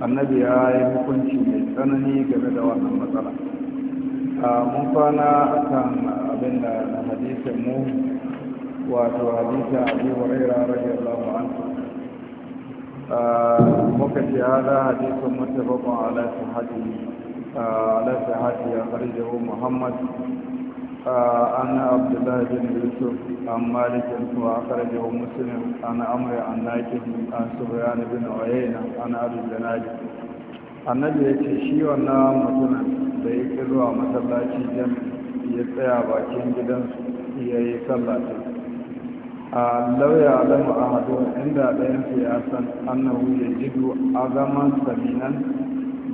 annabi ya yi hukunci mai tsanani game da wannan matsala mun kwana kan abin da hadisin mu wato hadisa abu huraira radiyallahu anhu muka ce hada hadisin mutabaqan ala sahati ala hajji ya kharijahu muhammad عن عبد الله بن يوسف عن مالك وأخرجه مسلم عن عمرو عن ناجح عن سفيان بن عيينة عن أبي الزناد annabi ya ce shi wannan mutumin da ya ƙi zuwa masallaci jam ya tsaya bakin gidansu ya yi sallata a lauya alamu a hado inda ɗayansu ya san annahu ya jidu azaman saminan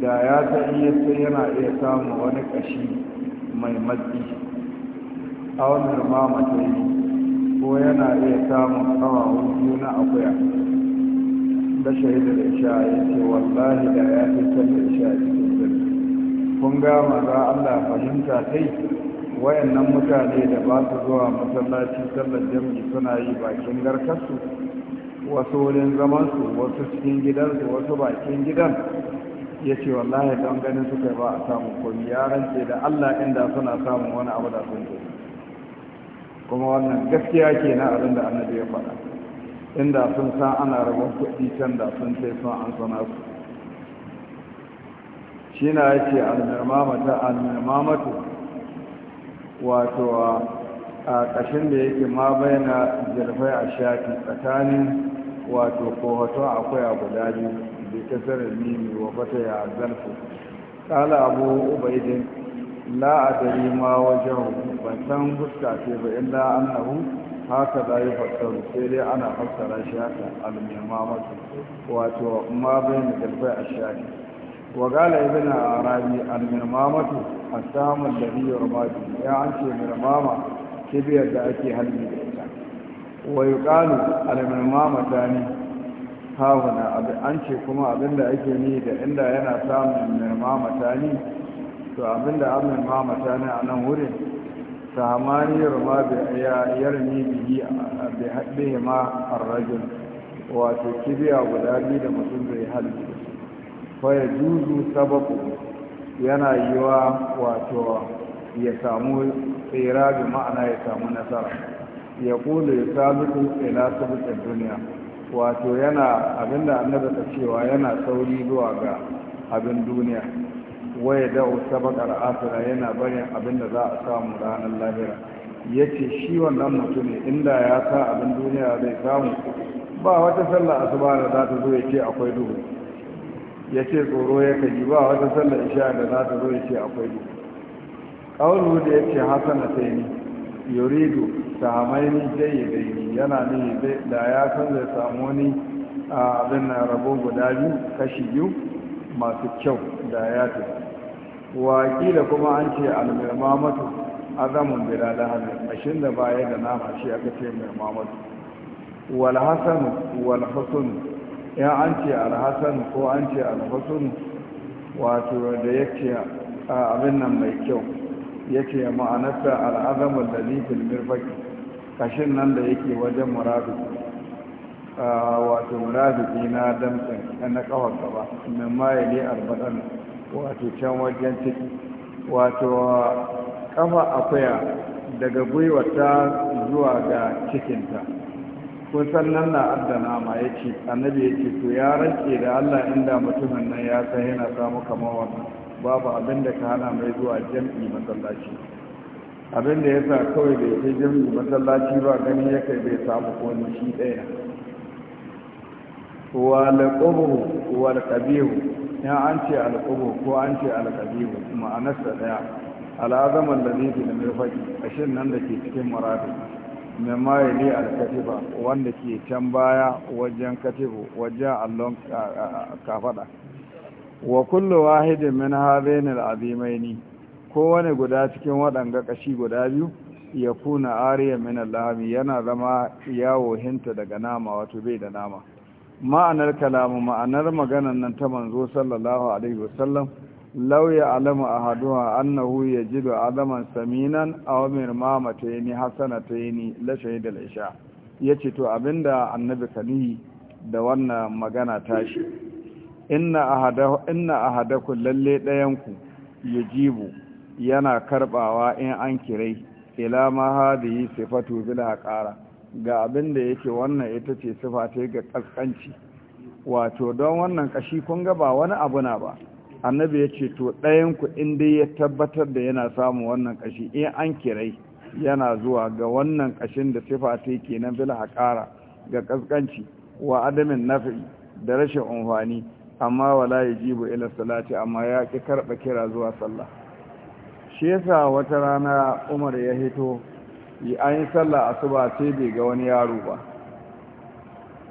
da ya san iya sai yana iya samun wani ƙashi mai matsi aunar mamatai ko yana iya samun kawawun biyu na akuya da shahidar isha ya ce wallahi da ya fi sallar isha cikin sirri kun ga maza allah fahimta kai wayannan mutane da ba su zuwa masallaci sallar jam'i suna yi bakin garkarsu wasu wurin zamansu wasu cikin gidansu wasu bakin gidan ya ce wallahi don ganin suka ba a samun komi ya rance da allah inda suna samun wani abu da sun komi kuma wannan gaskiya ke na abin da annabi ya faɗa inda sun san ana rabon kuɗi can da sun sai sun an sana su shi na ya ce almirmamata almirmamatu wato a ƙashin da yake ma bai na jirfai a shafi tsakanin wato kohoton akwai a guda biyu bai kasarar mimi wa fata ya zarfi Kala abu ubaidin la adari ma wajen ban san fuska ce ba an annahu haka da ya fassaru sai dai ana fassara shi haka al-mimamatu wato ma bayna dalbai a shafi wa gala ibn arabi al a asamu dariyar yurma ya an ce mimama kibiyar da ake halbi da ita wa yuqalu al-mimama tani hahuna an ce kuma abinda ake ni da inda yana samun mimama tani to abinda amin ma mutane a nan wurin samaniyar ma ya yarmi bihi bi haɗe ma arrajin wato kibiya guda biyu da mutum zai halbi fa ya juzu sababu yana wa wato ya samu tsira bi ma'ana ya samu nasara ya kula ya sabitu ila sabitin duniya wato yana abinda annabi ta cewa yana sauri zuwa ga abin duniya waya da sabakar asira yana barin abinda za a samu ranar lahira yace ce shi wannan mutum inda ya sa abin duniya zai samu ba wata sallah asuba da za ta zo ya ce akwai duhu ya ce tsoro ya kaji ba wata sallah isha da za ta zo ya ce akwai duhu ƙaunu da ya ce hasana sai ni yuridu da yi, yana ne da ya san zai samu wani abin na rabo guda biyu kashi biyu masu kyau da ya tafi wakila kuma an ce almirmamatu azamun bila a ashin da baya da nama shi aka ce mirmamatu Walhassan, walhassan ya an ce alhassan ko an ce al wato da ce abin nan mai kyau ce ma'anarsa al azamun da nifin mirfaki kashin nan da yake wajen muradu wato muradu na damtsin na kawar gaba min ma yali albadan wato can wajen ciki wato kafa akuya daga gwiwata zuwa ga cikinta kun san nan na addana ma ya ce annabi ya ce to ya rance da allah inda mutumin nan ya san yana samu kamar wannan babu abin da ka hana mai zuwa jam'i masallaci abin da ya sa kawai da ya kai jam'i masallaci ba gani ya kai bai samu kone shi ɗaya wal ƙubu wal ya an ce alƙubu ko an ce alƙabibu ma'anarsa ɗaya alazaman da zai da mai faɗi ƙashin nan da ke cikin muradu mai maye ne alkatiba wanda ke can baya wajen katibu wajen allon kafaɗa wa kullu wahidin min hadaini al'azimaini kowane guda cikin waɗanga kashi guda biyu ya kuna ariya min al'ami yana zama yawo hinta daga nama wato bai da nama ma'anar kalamu ma'anar maganan nan ta manzo sallallahu alaihi wasallam law a ahaduha annahu yajidu adaman saminan aw yi hasanatayni la da al-isha yace to abinda annabi kani da wannan magana tashi inna ahadahu inna ahadakum lalle dayanku yajibu yana karbawa in an kirai ila ma hadhihi sifatu bil haqara ga abin da yake wannan ita ce sifa ta ga kaskanci wato don wannan ƙashi kun ga ba wani abu na ba annabi ya ce to ɗayanku inda ya tabbatar da yana samun wannan ƙashi in an kirai yana zuwa ga wannan kashin da sifa ta kenan bil haƙara ga kaskanci wa adamin nafi da rashin amfani, amma wala ya jibu ila salati amma ya ƙi karɓa kira zuwa sallah shi yasa wata rana Umar ya hito yi an yi sallah asuba sai bai ga wani yaro ba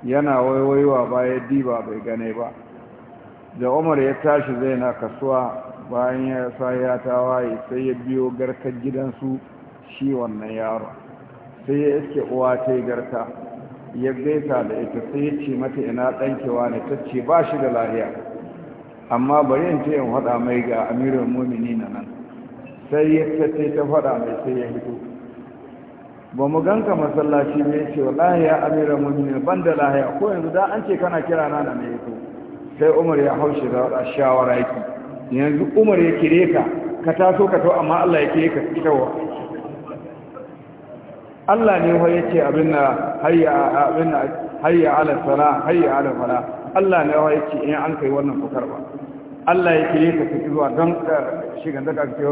yana waiwaiwa bayan diba bai gane ba da umar ya tashi zai na kasuwa bayan ya sa ya waye, sai ya biyo garkar gidansu shi wannan yaro sai ya iske uwa ta garka ya gaisa da ita sai ya ce mata ina ɗankewa ne ta ce ba shi da lahiya amma bari in ce in faɗa mai ga amirin mumini na nan sai ya ta faɗa mai sai ya hito ba mu ganka masallaci ne ce wallahi ya amira mu'minin ban da lahiya ko yanzu da an ce kana kira na na ne sai Umar ya haushi da shawara yake yanzu Umar ya kire ka ka taso ka to amma Allah ya kire ka fitowa Allah ne wa yake abin na hayya abin na hayya ala sala hayya ala fala Allah ne wa yake in an kai wannan fukar ba Allah ya kire ka fitowa don eh, shigan da ka ce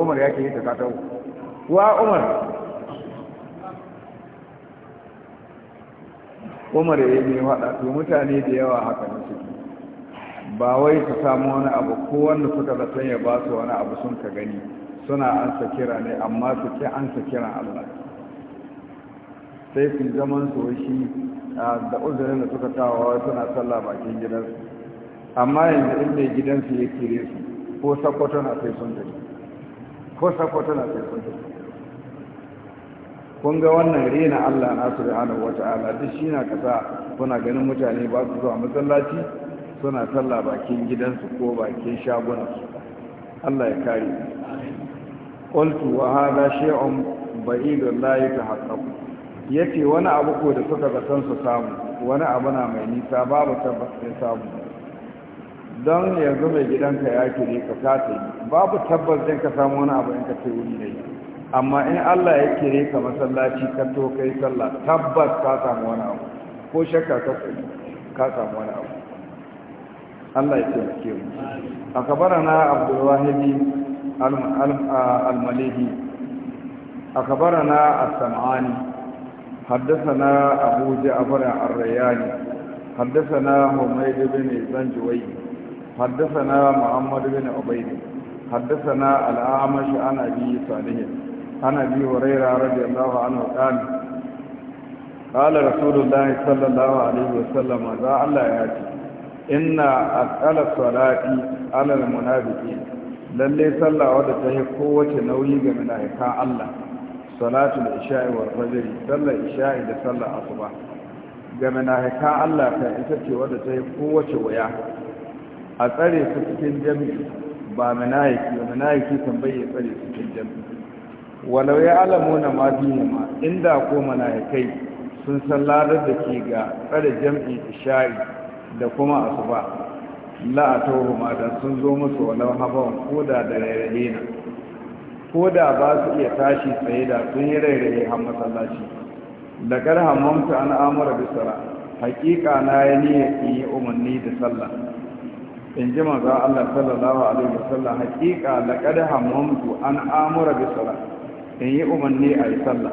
Umar ya kire ka ka tawo wa Umar umar ya yi faɗa to mutane da yawa haka na suke ba wai su samu wani abu ko wanda suka zaton ya ba su wani abu sun ka gani suna an sa kira ne amma su ke an sa kiran allah sai su zaman su shi da uzurin da suka tawa suna sallah bakin gidansu amma yanzu inda gidansu ya kire su ko na sai sun tafi ko na sai sun tafi kun ga wannan rena Allah na wata wata'ala duk shi na kasa kuna ganin mutane ba su zuwa masallaci suna sallah bakin gidansu ko bakin shagunansu Allah ya kare qultu wa hadha shay'un ba'idun la Ya ce wani abu ko da suka ga san su samu wani abu na mai nisa babu ya samu don yanzu mai gidanka ya kire ka kata babu tabbacin ka samu wani abu in ka ce wuri ne amma in Allah ya kere ka masallaci ka to kai sallah tabbas ka samu wani abu ko shakka ka sani ka samu wani abu Allah ya taimake mu a kabara na Abdulwahidi al-Malihi a kabara na As-Sam'ani haddathana Abu Ja'far ar-Rayani haddathana Humayd ibn Zanjuwai haddathana Muhammad ibn Ubayd haddathana Al-Amash an Abi Salih عن ابي هريره رضي الله عنه قال قال رسول الله صلى الله عليه وسلم ذا الله ياتي ان اثقل الصلاه على المنافقين lalle sallah wadda ta yi kowace nauyi ga mala'ika Allah salatu isha'i wa fajri sallar isha'i da sallar asuba ga mala'ika Allah ta ita ce wadda ta yi kowace waya a tsare su cikin jami'i ba mala'iki ba mala'iki kan bayyana tsare su cikin jami'i walau ya alamu na ma ma inda ko kai sun san ladar da ke ga tsare jam'i isha'i da kuma asuba la'atahu ma da sun zo musu walau habawan koda da rairaye na koda ba su iya tashi tsaye da sun yi rairaye har masallaci kar hamamta an amura bisara hakika na ya niyya in yi umarni da sallah in ji maza Allah sallallahu alaihi wasallam hakika kada hamamtu an amura bisara in yi umarni a yi sallah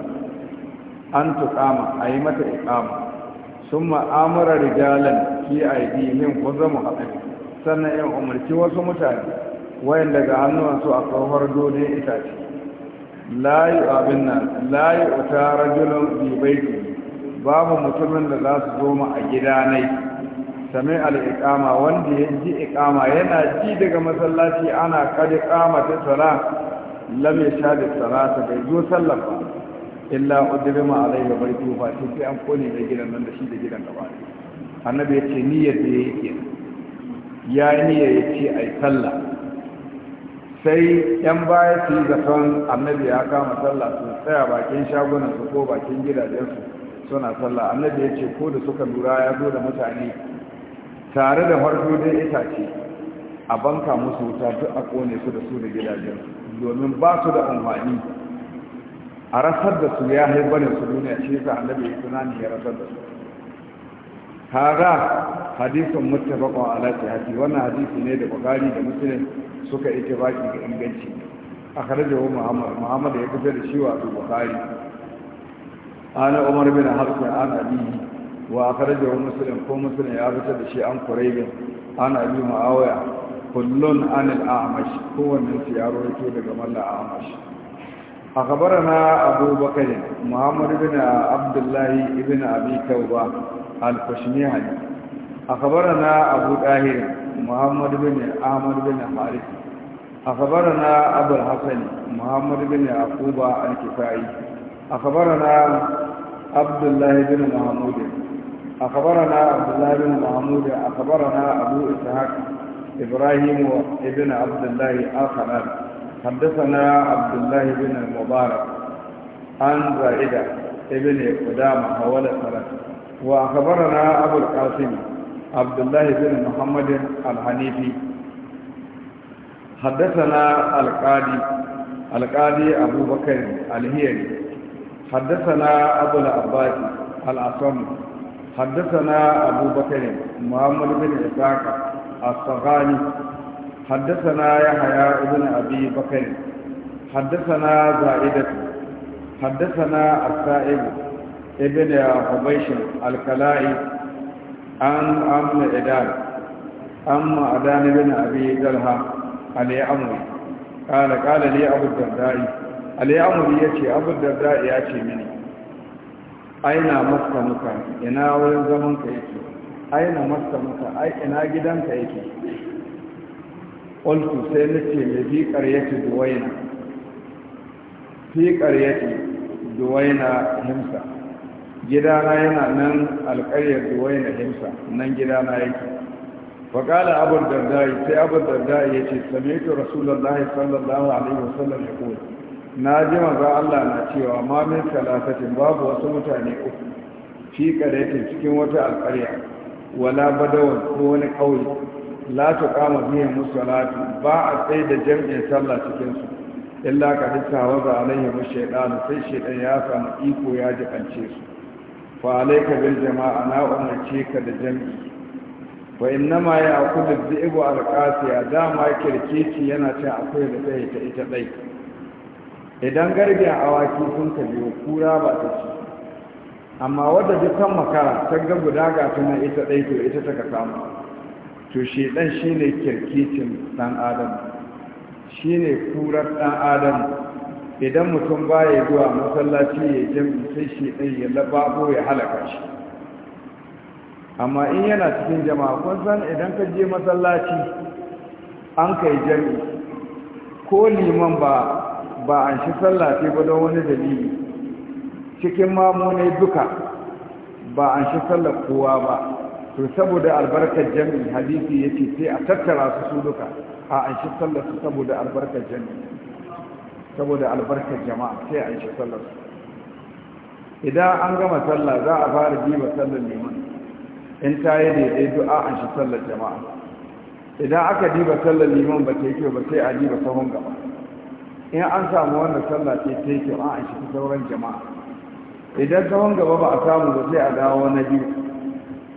an tuƙama a yi mata iƙama sun ma'amura rijalan ki a yi min ku zama haɗari sannan in umarci wasu mutane wayan daga hannuwansu a tsohuwar dole itace layu abin nan layu ta rajulun ne. babu mutumin da za su zo ma a gida gidanai sami al'iƙama wanda ya ji iƙama yana ji daga masallaci ana kadi ƙama ta sala lam ya sha da salata bai zo sallar ba illa udrima alai wa bai tufa sai an kone da gidan nan da shi da gidan gaba annabi ya ce niyyar da yake ya yi niyyar ya ce ai sallah sai yan baya su yi zaton annabi ya kama sallah su tsaya bakin shagunan su ko bakin gidajensu suna sallah annabi ya ce ko da suka lura ya zo da mutane tare da farko dai itace a banka musu wuta duk a kone su da su da gidajensu domin ba su da amfani a rasar da su ya haifar da su duniya shi a labe ya tunani ya rasar da su kaga hadisin kwa alaƙi sihhati wannan hadisi ne da bukhari da muslim suka ta baki ga inganci wa muhammad muhammad ya kusa da shi wa su bukhari ana umar bin harfi an abihi wa wa musulun ko musulun ya fitar da shi an quraybin an abi ma'awaya. kullun an al-a'mash kowanne su ya rawaito daga malla a'mash akhbarana abu bakr muhammad ibn abdullah ibn abi tawba al-kushmihani akhbarana abu dahir muhammad ibn ahmad ibn harith akhbarana abu al-hasan muhammad ibn aquba al-kifai akhbarana abdullah ibn mahmud akhbarana abdullah ibn mahmud akhbarana abu ishaq إبراهيم ابن عبد الله آخر حدثنا عبد الله بن المبارك عن زائدة ابن قدامة حول سنة وأخبرنا أبو القاسم عبد الله بن محمد الحنيفي حدثنا القاضي القاضي أبو بكر الهيري حدثنا أبو العباس الأصم حدثنا أبو بكر محمد بن إسحاق الصغاني حدثنا يحيى بن ابي بكر حدثنا زائدة حدثنا السائب ابن حبيش الكلائي عن أم إدان أم أدان بن أبي دلها علي أمري قال قال لي أبو الدرداء علي أمري يأتي أبو الدرداء يأتي مني أين مسكنك إنا ولن زمنك aina masta maka ai ina gidanka yake ƙultu sai nace mai fiƙar yake duwaina fi yake duwaina himsa gidana yana nan alƙaryar duwaina himsa nan gidana yake faƙala abu dardai sai abu dardai ya ce samitu rasulallahi sallallahu alaihi wasallam ya kula na ji maza Allah na cewa ma min salafatin babu wasu mutane uku fi yake cikin wata alƙarya wala badawan ko wani ƙauye la ta kama biyan musalatu ba a tsaye da jam'in sallah cikinsu illa ka hissa waza alaihi mu shaidanu sai shaidan ya samu iko ya jikance su fa alaika bil jama'a na umarce ka da jam'i fa innama ya akulu dhi'bu alqasiya dama kirkeci yana ta akwai da tsaye ta ita dai idan garbiya awaki sun ka biyo kura ba ta ci amma wadda duk kan makara ta ga guda ga tunan ita ɗai to ita ta ka samu to shi ɗan shi ne kirkicin ɗan adam shi ne kurar ɗan adam idan mutum ba ya zuwa masallaci ya jam'i, sai shi ɗan ya lababo ya halaka shi amma in yana cikin jama'a kun san idan ka je masallaci an kai jami, ko liman ba ba an shi sallafi ba don wani dalili cikin mamunai duka ba an shi sallar kowa ba to saboda albarkar Jami hadisi ya ce sai a tattara su su duka a an shi sallar su saboda albarkar Jami. saboda albarkar jama'a sai an shi sallar su idan an gama sallah za a fara diba sallar liman in ta yi daidai du'a an shi sallar jama'a idan aka diba sallar liman ba ta yi ba sai a diba sahun gaba in an samu wannan sallar ce ta yi kyau an shi sauran jama'a idan tsawon gaba ba a samu ba sai a dawo na biyu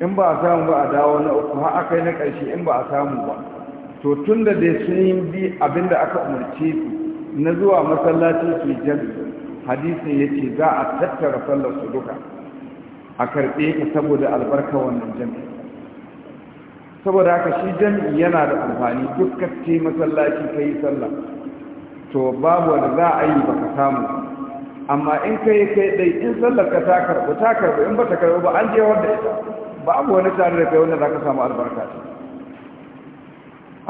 in ba a samu ba a dawo na uku har aka yi na ƙarshe in ba a samu ba to tun da dai sun yi bi abin da aka umarce su na zuwa masallaci su jami hadisi ya ce za a tattara sallar su duka a karɓe ka saboda albarka wannan jami saboda haka shi jami yana da amfani dukkan masallaci ka yi sallah to babu wanda za a yi baka samu amma in kai kai dai in sallar ka ta karbu ta karbu in ba ta karbu ba an je wanda ita ba abu wani tare da kai wanda za ka samu albarka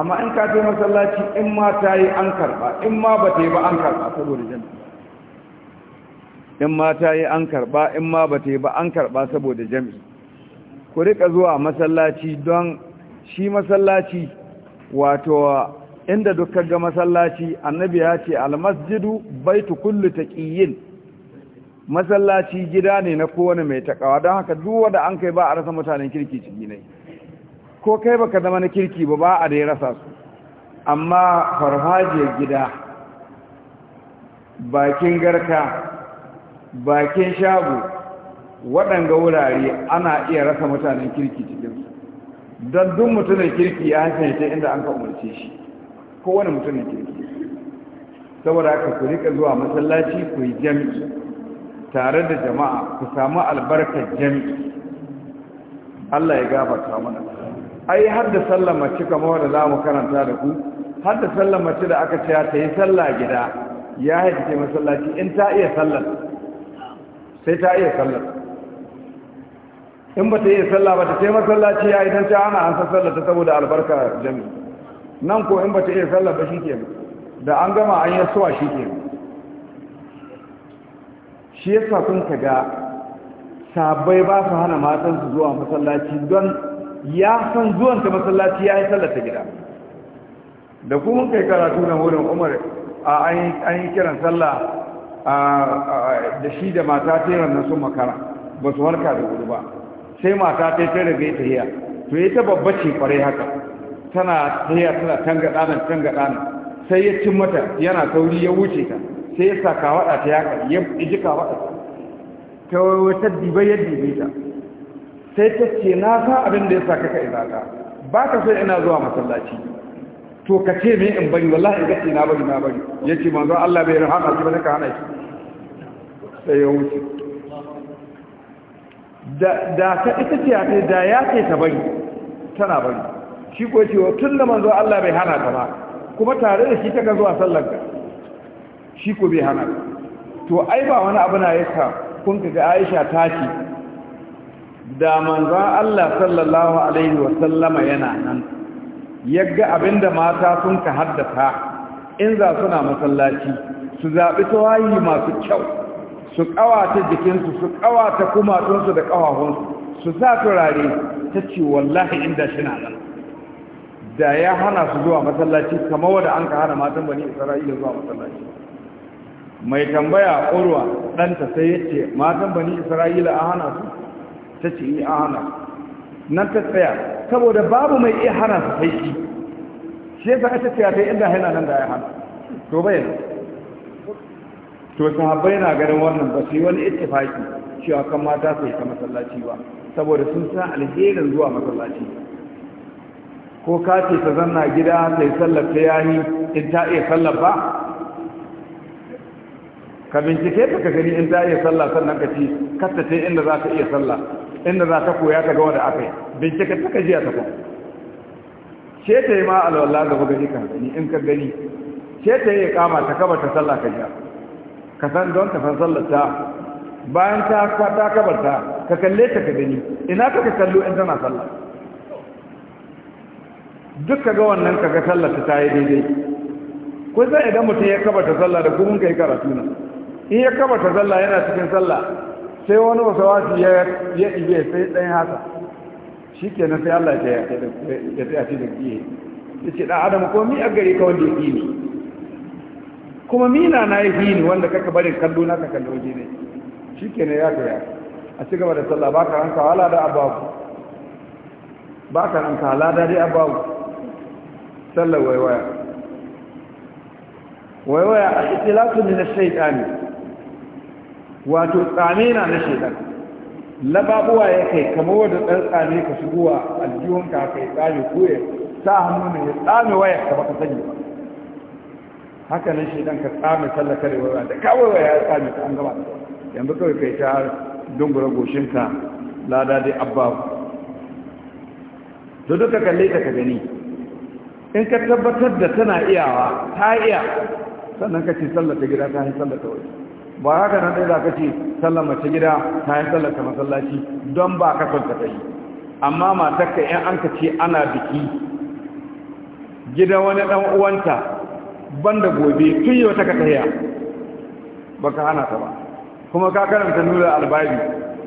amma in ka je masallaci in ma ta yi an karba in ma ba ta yi ba an karba saboda janna in ma ta yi an karba in ma ba ta yi ba an karba saboda jami ku rika zuwa masallaci don shi masallaci wato inda dukkan ga masallaci annabi ya ce al-masjidu baitu kullu taqiyyin masallaci gida ne na kowane mai takawa don haka duk wanda an kai ba a rasa mutanen kirki ciki ne ko kai baka zama na kirki ba ba a da ya rasa su amma farfajiyar gida bakin garka bakin shago waɗanga wurare ana iya rasa mutanen kirki cikinsu don duk mutumin kirki ya hankali ta inda an ka umarce shi kowane mutumin kirki saboda aka ku rika zuwa masallaci ku yi jami'i tare da jama'a ku samu albarkar jami'i Allah ya gabata mana ai har da sallar mace kamar da za mu karanta da ku har da sallar mace da aka cewa ta yi sallah gida ya haɗe ce masallaci in ta iya sallar sai ta iya sallar in ba ta iya sallah ba ta ce masallaci ya idan ta ana an san sallar ta saboda albarka jami'i nan ko in ba ta iya sallar ba shi ke da an gama an yi suwa shi ke shi yasa kun ka ga sabai ba su hana matansu zuwa masallaci don ya san zuwan ta masallaci ya yi sallata gida da kuma kai karatu na wurin umar a an yi kiran sallah da shi da mata teran na sun makara ba su warka da wuri ba sai mata ta yi ta rage ta hiya to ita babba ce kwarai haka tana hiya tana tanga ɗanan tanga ɗanan sai ya cin mata yana sauri ya wuce ta sai ya sa kawaɗa ta yaƙa ya ji kawaɗa ta ta wata dibe ya dibe ta sai ta ce na sa abin da ya sa kaka ina ta ba ka so ina zuwa masallaci to ka ce me in bari wallahi ga ce na bari na bari ya ce manzo Allah bai rahama shi ba ka hana shi sai ya wuce da ta ita ce ta da ya ce ta bari tana bari shi ko ce tun da manzo Allah bai hana ta ba kuma tare da shi ta ga zuwa sallar ka shi ko bai hana to ai ba wani abu na yasa kun ga Aisha ta ce da manzo Allah sallallahu alaihi wa sallama yana nan yagga abinda mata sun ka haddasa in za suna masallaci su zabi tawayi masu kyau su kawata jikinsu su kawata kumatunsu da kawahunsu su sa turare ta ce wallahi inda shi na nan da ya hana su zuwa masallaci kamar wanda an ka hana matan bani isra'ila zuwa masallaci mai tambaya urwa ɗanta sai ya ce matan bani isra'ila a hana su ta ce yi eh, a hana su nan ta tsaya saboda babu mai iya hana su sai shi shi yasa aka tsaya ta inda haina nan da ya hana to bayan to sahabbai yana ganin wannan ba su yi wani faki, cewa kan mata su yi ta masallaci ba saboda sun san alherin zuwa masallaci ko ka ce ta zanna gida sai sallar ta yayi in ta iya sallar ba ka bincike ta ka gani in ta iya sallah sannan ka ci kasta ce inda za ka iya sallah inda za ta koya ka ga wanda aka yi bincike ta ka jiya ta kuma ce ta yi ma alwallah da gani ka gani in ka gani ce ta yi kama ta kaba ta sallah ka jiya ka san don ka san sallah ta bayan ta ta kabarta ka kalle ta ka gani ina ka ka kallo in tana sallah duk ka ga wannan ka ga sallah ta yi daidai ko sai idan mutum ya ta sallah da kuma kai karatu na in ya kama ta sallah yana cikin sallah sai wani wasawasi ya ibe sai ɗan haka shi ke sai Allah ya tsaya ce da kiye ya ce ɗan adam ko mi a gari ka wanda ya fi ni kuma mina na ya fi ni wanda kaka barin kallo na ka kallo ne shi ke ya ya a ci gaba da sallah ba ka ranka hala da ababu ba ka ranka hala da dai ababu sallar waiwaya waiwaya a ikilasu ne na shaitani wato tsame na na shaidar lababuwa ya kai kama wadda ɗan tsame ka shigo a aljihunka ka yi tsame koya sa hannu ne ya tsame waya ka baka sani haka na shaidan ka tsame sallaka da da kawo waya ya tsame ka an gaba yanzu kawai kai ta dungura goshinka lada dai abbabu to duka kalle ta ka gani in ka tabbatar da tana iyawa ta iya sannan ka ce sallata gida ta hin sallata waje ba haka nan ɗaya za ka ce sallar mace gida ta yi sallar ta masallaci don ba ka son ta yi amma matakka yan an ka ce ana biki gida wani ɗan uwanta banda gobe tun yau ta ka tahiya ba ka hana ta ba kuma ka karanta nuna albari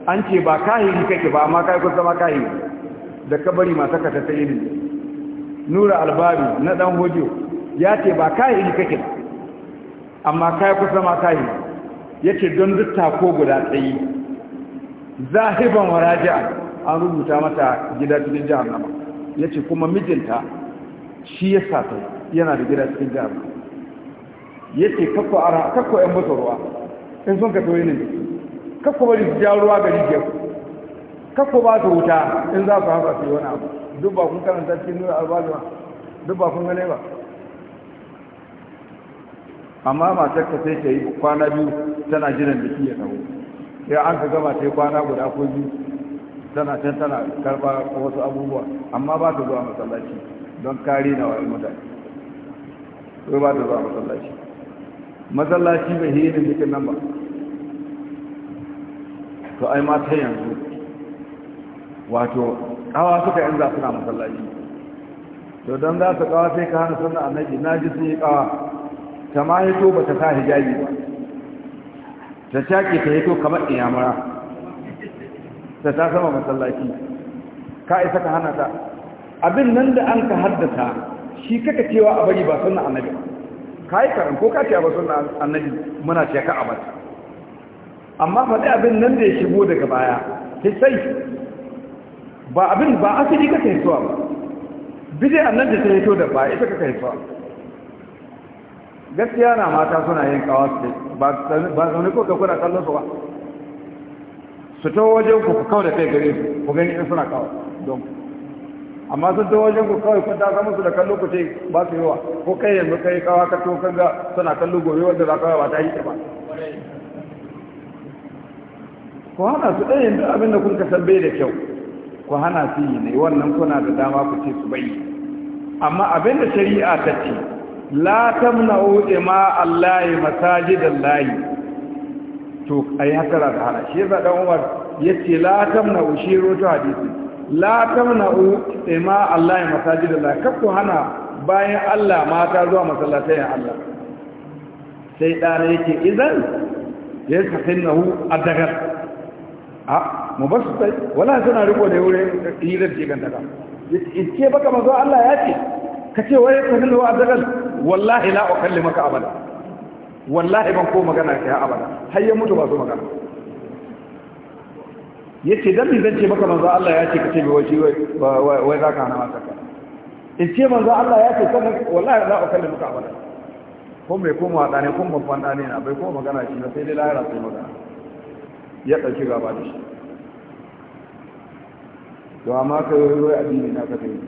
an ce ba kahiri kake ba amma kai kusa ma kahiri da ka bari matakka ta ta irin nura albari na ɗan hojo ya ce ba kahiri kake ba amma kai kusa ma kahiri yake don duk ko guda tsayi zahiban waraja an rubuta mata gida cikin ya ce kuma mijinta shi ya sata yana da gida cikin ya ce kakko ara kakko yan masa ruwa in sun ka toye ne kakko bari su ja ruwa gari ke kakko ba su wuta in za su haka su yi wani abu duk ba kun karanta cikin nuna albajiwa duk ba kun gane ba amma matar ka sai ta yi kwana biyu tana jiran biki ya dawo sai an ka gama ta yi kwana guda ko biyu tana can tana karba wasu abubuwa amma ba ta zuwa masallaci don kare na wa'in mutane ko ba ta zuwa masallaci masallaci bai yi irin bikin nan ba to ai ma ta yanzu wato kawa suka yanzu suna masallaci to don za su kawa sai ka hana sunna annabi na ji sun yi kawa ta ma hito ba ta sa hijabi ba ta shaƙe ta hito kamar iyamara ta ta sama masallaci ka isa ka hana ta abin nan da an ka haddasa shi kaka cewa a bari ba suna annabi ka yi karin ko ka ce ba suna annabi muna ce ka abar amma faɗi abin nan da ya shigo daga baya ta sai ba abin ba asali kaka hitowa ba bidiyar nan da ta hito da baya ita kaka hitowa gaskiya na mata suna yin kawo su ba ne ko ka kuna kallon su ba su ta wajen ku kawo da kai gare su ku gani in suna kawo don amma sun ta wajen ku kawai kun ta musu da kallo ku ce ba su yawa ko kai yanzu kai kawa ka to kan ga suna kallon gobe wanda za kawai ba ta yi ba ku hana su ɗaya yanzu abin da kun ka san bai da kyau ku hana su yi ne wannan kuna da dama ku ce su bai amma abin da shari'a ta ce la tamna'u masaji da layi. to a ai haka da hana shi yasa dan Umar ce la tamna'u shi roto hadisi la tamna'u ima allahi masajidallahi kakku hana bayan Allah mata zuwa masallatai Allah sai dana yake idan yastahinnahu adagar a dagar. A mu su sai wala suna riko da wurin hirar jiganta ka yace ke baka mazo Allah ya ce ka ce waye ka hannu a zagal wallahi la ukalli maka abada wallahi ban ko magana ka abada har ya mutu ba su magana Ya ce dan zan ce maka manzo Allah ya ce ka ce wai wai za ka hana maka in ce manzo Allah ya ce sannan wallahi la ukalli maka abada Kun mai koma da ne kun babban da ne na bai koma magana shi na sai dai lahira sai magana ya dauki gaba da shi to amma kai wai addini na ka yi.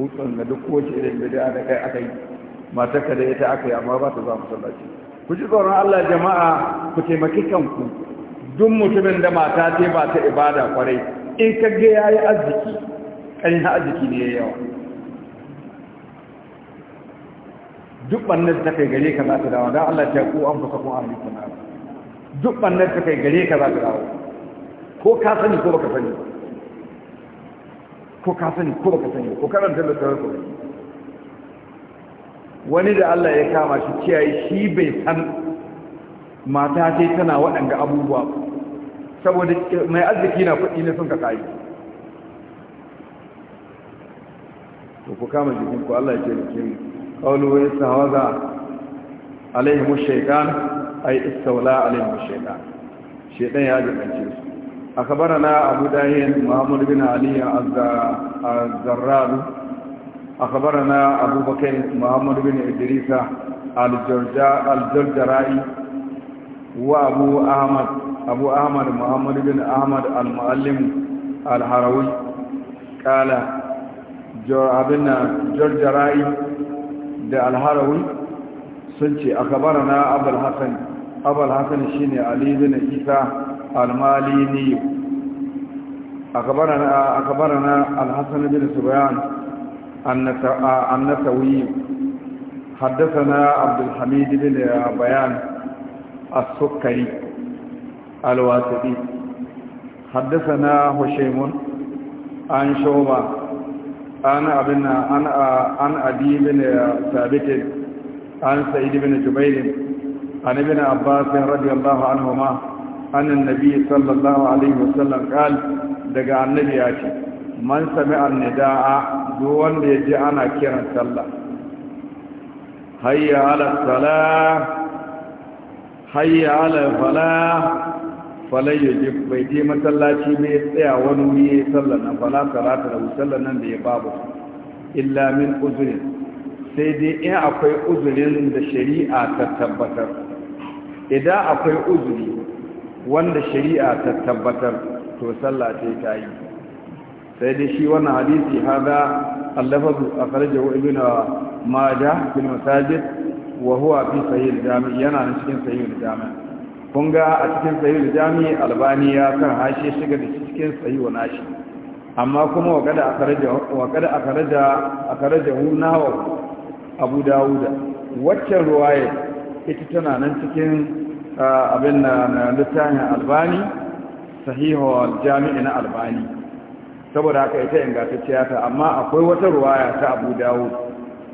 hutsun da duk wace irin bid'a da kai aka yi matarka da ita aka yi amma ba ta za sallaci ku ji tsoron Allah jama'a ku taimaki kanku duk mutumin da mata ce ba ta ibada kwarai in ka ga yayi arziki na arziki ne yawa duk bannin ta kai gare ka za ta dawo dan Allah ya ku an fusa kun ahli duk bannin ta kai gare ka za ta dawo ko ka sani ko baka sani ba ko ka sani ko baka sani ko karanta littafin ku wani da Allah ya kama shi kiyaye shi bai san mata sai tana waɗanga abubuwa saboda mai arziki na kuɗi ne sun ka kayi to ku kama jikin ku Allah ya ce jikin ya wa yasawaza alaihi mushaytan ai istawla alaihi mushaytan shaytan ya jibance su أخبرنا أبو داهين محمد بن علي الزرار أخبرنا أبو بكر محمد بن إدريس الجرجرائي وأبو أحمد أبو أحمد محمد بن أحمد المعلم الحروي قال جرجرائي ده الحروي سنتي أخبرنا أبو الحسن أبو الحسن شيني علي بن إيسى Almalini maliniyu akabara na al-hassan bin subayan annasawiyu haddasa na abdulhamid bin bayan al-sukari al-wasiɗi haddasa na hushemun an shoba an abinna an adibin sabitin an sa'idibin jubailin an ibina abbasin radiyallahu anhu ma'a anan nabi sallallahu alaihi wasallam qal daga annabi ya ce man sami'a nidaa Do wanda ya ji ana kiran sallah hayya ala salah hayya ala falah falayyajib bai je masallaci bai tsaya wani wuri ya yi sallah na fala salata da sallah nan da ya babu illa min uzurin sai dai in akwai uzurin da shari'a ta tabbatar idan akwai uzuri wanda shari'a ta tabbatar to sallah ce ta yi sai dai shi wannan hadisi hada allafazu a karjawo ibn maja bin masajid wa huwa fi sahih jami yana nan cikin sahih jami kun ga a cikin sahih jami albani ya kan hashe shiga da cikin sahih nashi amma kuma wa kada akaraja wa kada akaraja akaraja nawa abu dawuda waccan ruwaya ita tana nan cikin abin na littafin albani sahihu jami'i na albani saboda haka ita ingantacciya ta amma akwai wata ruwaya ta abu dawud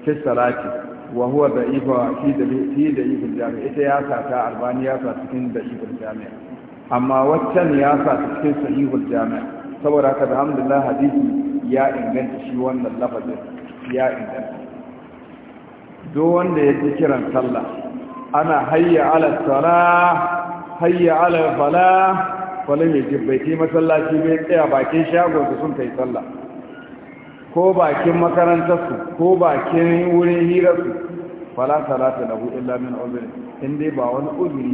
fi salati wa huwa da'ifa fi da'ifi da'ifin jami'i ita ya sa ta albani ya sa cikin da'ifin jami'i amma waccan ya sa cikin sahihul jami'i saboda haka alhamdulillah hadisi ya inganta shi wannan lafazin ya inganta duk wanda ya ji kiran sallah ana hayya ala sala hayya ala fala falon ya ce bai ti masallaci bai tsaya bakin shagonsu sun kai sallah ko bakin makarantarsu ko bakin wurin hirarsu fala salata da hu illa min uzuri in dai ba wani uzuri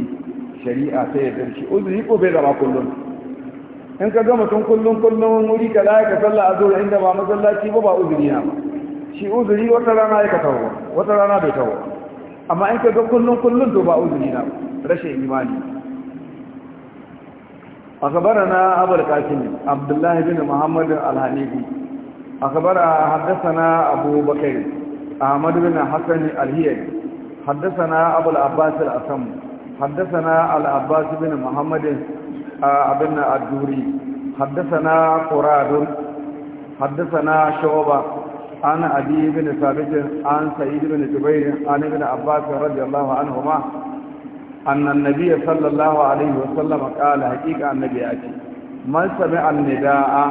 shari'a ta yadda shi uzuri ko bai zama kullum in ka gama mutum kullum kullum wuri ka da ka sallah a zuwa inda ba masallaci ba ba uzuri na ba shi uzuri wata rana ya ka tawo wata rana bai tawo amma in ka ga kullum-kullum to ba uzuri na rashin imani a kabara na abar kakin abdullahi bin muhammad alhanifi a kabara haddasa na abu bakari ahmadu bin hassani alhiyar haddasa na abu al'abbas al'asamu haddasa na al'abbas bin muhammad abin uh, na haddasa na haddasa na shawaba an abi ibn sabit an sa'id ibn jubair an ibn abbas radiyallahu anhuma anna an-nabiy sallallahu alaihi wa sallam qala haqiqa annabi ya ce man sami'a an-nidaa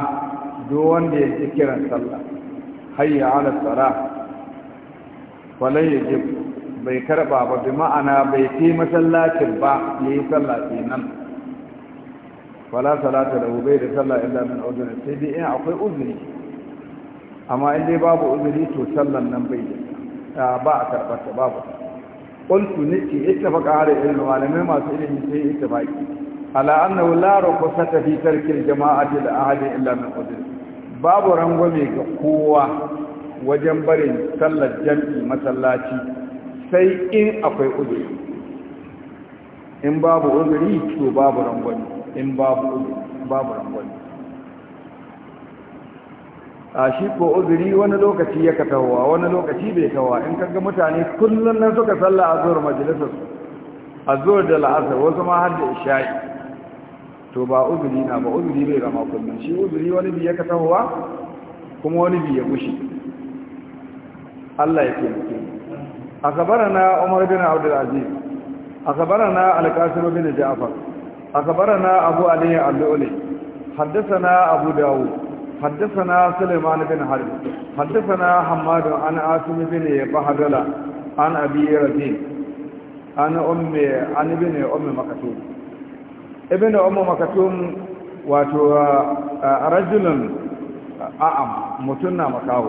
duk wanda ya ji kiran sallah hayya ala salah falai yajib bai karba ba bi ma'ana bai fi masallacin ba yayi sallah kenan wala salata da bai da sallah illa min udhur sai dai in akwai uzuri amma in dai babu uzuri to sallan nan bai da ba a karɓar ta babu qultu nake ittafaqa ala ilmi malamai masu ilimi sai ittifaqi ala annahu la rukhsata fi tarkil jama'ati da ahadin illa min udhr babu rangwame ga kowa wajen barin sallar jam'i masallaci sai in akwai uzuri in babu uzuri to babu rangwame in babu uzuri babu rangwame a shi ko uzuri wani lokaci ya ka tawa wani lokaci bai tawa in kaga mutane kullum na suka salla a zuwar majalisar a zuwar da la'asar wasu ma har da isha'i to ba uzuri na ba uzuri bai zama kullum shi uzuri wani bi ya ka tawa kuma wani bi ya gushi Allah ya taimake a Kabara na Umar bin Abdul Aziz a Kabara na qasim bin Ja'far a Kabara na Abu Ali al Haddasa na Abu داود حدثنا سليمان بن حرب حدثنا حماد عن عاصم بن بهدلة عن أبي رزين عن أم عن ابن أم مكتوم ابن أم مكتوم واتو رجل أعم متنا مكاو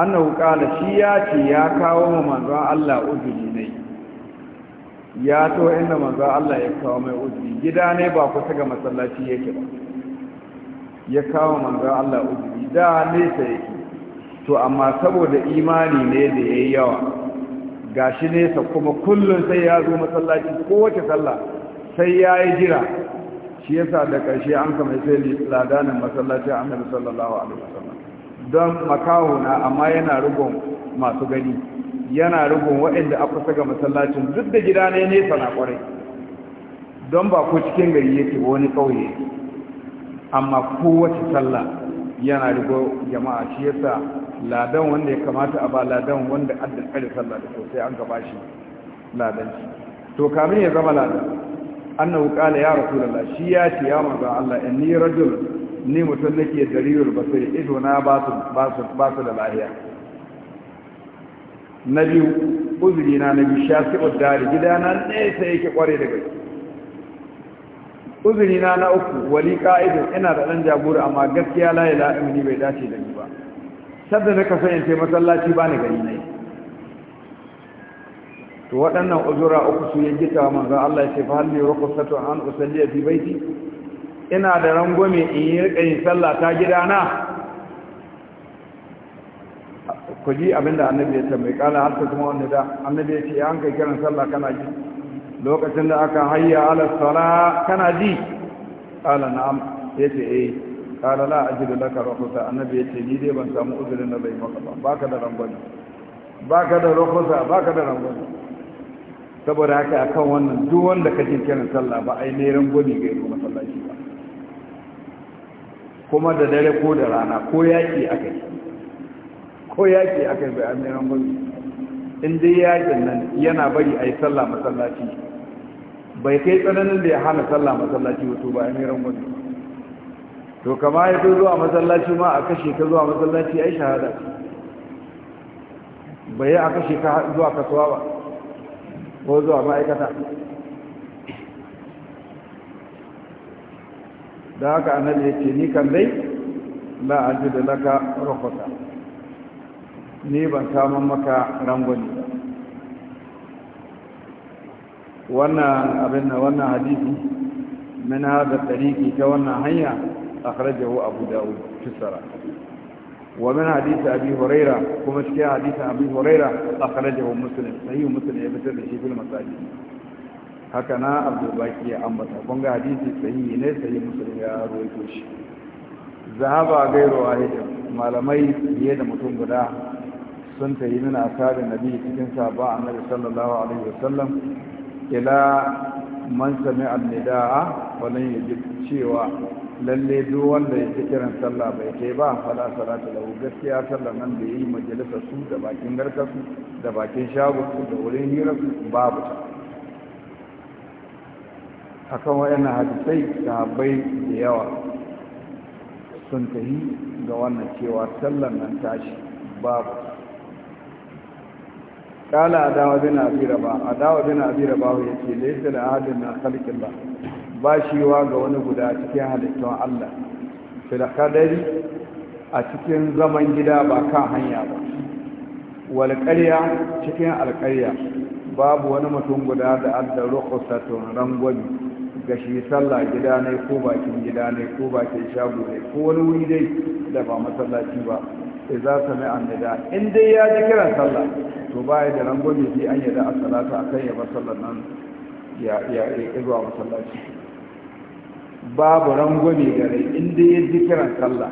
أنه قال شياتي يا كاو من الله أذني يا تو to inda manzo Allah ya kawo mai uzuri gida ne ba kusa ga masallaci yake ba ya kawo manzan Allah uzuri da nesa yake to amma saboda imani ne da ya yi yawa ga shi nesa kuma kullum sai ya zo masallaci kowace sallah sai ya yi jira shi yasa da ƙarshe an kama sai ladanin masallaci annabi sallallahu alaihi wasallam don makaho na amma yana rugon masu gani yana rugun waɗanda aka ga masallacin duk da gida ne nesa na kwarai don ba ko cikin gari yake wani ƙauye amma kowace sallah yana rigo jama'a shi yasa ladan wanda ya kamata a ba ladan wanda addin kare sallah da sosai an gaba shi ladan shi to kamin ya zama ladan annahu qala ya rasulullah shi ya ce ya manzo Allah inni rajul ni mutum nake dariyul basir ido na ba su ba su ba su da lafiya. na biyu uzuri na na biyu shafi'ud dari gidana ne sai yake kware da gaske uzuri na na uku wali ka'idin ina da dan jagora amma gaskiya la ilaha illallah bai dace da ni ba sabda na kafa in sai masallaci ba ni gari nai to waɗannan uzura uku su yake ta manzo Allah ya ce fa halli ruqsatu an usalli fi baiti ina da rangome in yi rika yin sallah ta gidana ku ji abinda annabi ya tambaye kala har ta kuma wanda da annabi ya ce an kai kiran sallah kana lokacin da aka hayya ala sala kana ji ala na'am yace eh qala la ajidu laka rukhsa annabi yace ni dai ban samu uzurin da bai maka ba baka da rangwani baka da rukhsa baka da rangwani saboda haka akan wannan duk wanda kake kiran sallah ba ai ne rangwani ga yaro masallaci ba kuma da dare ko da rana ko yaki akai ko yaki akai bai ai ne rangwani in dai yakin nan yana bari ai sallah masallaci bai kai tsananin da ya hana sallah masallaci wato ba ne ran wani to kama ya fi zuwa masallaci ma a kashe ka zuwa masallaci ya yi shahada bai yi a kashe ka zuwa kasuwa ba ko zuwa ma'aikata da haka annabi ya ce ni kan dai la da laka rahota. ni ban samun maka rangwani ba wannan abin na wannan hadisi min hada tariki ta wannan hanya akhrajahu abu dawud fi sara wa min hadisi abi huraira kuma cikin hadisi abi huraira akhrajahu muslim sahih muslim ya fitar da shi fil masajid haka na abdul baki ya ambata kun ga hadisi sahihi ne sahih muslim ya rawaito shi zahaba gairu wahidin malamai fiye da mutum guda sun tayi min asabin nabi cikin sahaba annabi sallallahu alaihi wasallam ila man sami annida'a wannan ya ji cewa lalle duk wanda ya ji kiran sallah bai kai ba fala salatu lahu gaskiya sallan nan da yi majalisa su da bakin garkasu da bakin shagon su da wurin hirar su babu ta akan wayannan hadisai sahabbai da yawa sun tahi ga wannan cewa sallan nan tashi babu kala adawa bin abi raba adawa bin abi raba ya ce laysa da na khalqin ba ba shi wa ga wani guda cikin halittun Allah fil a cikin zaman gida ba kan hanya ba wal cikin alqarya babu wani mutum guda da adda rukhsatun rangwani ga shi sallah gida ne ko bakin gida ne ko bakin shago ne ko wani wuri dai da ba masallaci ba idza sami'a nida in dai ya ji kiran sallah to baya da rangwame sai an yada as-salata akan ya ba sallar nan ya ya ya zuwa masallaci babu rangwame gare in dai ya ji kiran sallah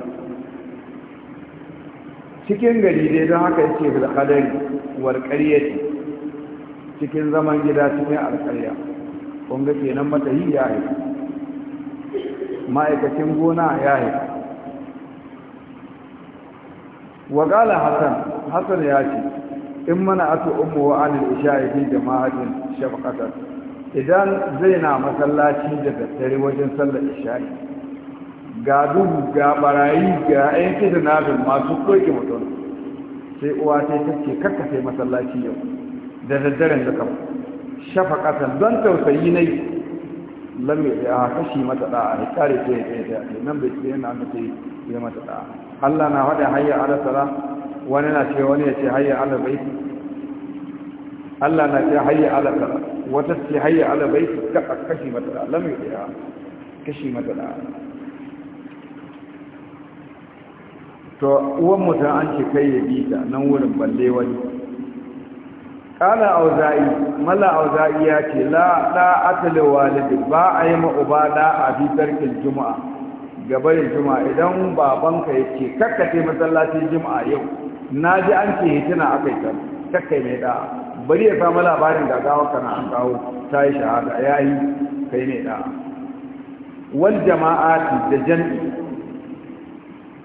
cikin gari dai don haka yake da hadari war qaryati cikin zaman gida cikin alƙarya kun ga kenan mata yi ya yi ma'aikacin gona ya yi Waƙala Hassan, Hassan ya ce in mana atu ummu wa anil isha'i fi jama'atin shafqatan idan zai na masallaci da daddare wajen sallar isha'i ga duhu ga barayi ga ayan kidnapping masu koke mutum sai uwa sai ta ce kakka sai masallaci yau da daddaren da kama shafaqatan don tausayi ne lamme da kashi mata da'a ya kare ta ya ta nan bai ce yana da ta mata da'a Allah na hada hayya ala sala wani na ce wani ya ce hayya ala baiti Allah na ce hayya ala sala wata ce hayya ala baiti ka kashi mata lam yudiya kashi mata da to uwan mutum an ce kai ya bi ta nan wurin balle wani kala auza'i mala auza'i ya ce la la atal walid ba a yi ma uba a bi tarkin juma'a Gaba da juma'a idan babanka ya ce kakkace masallacin juma'a yau na ji an ce hitina aka yi kakkai mai da bari ya samu labarin gagawa kana an kawo ta yi shahada ya yi kai mai da wal jama'a da jami'i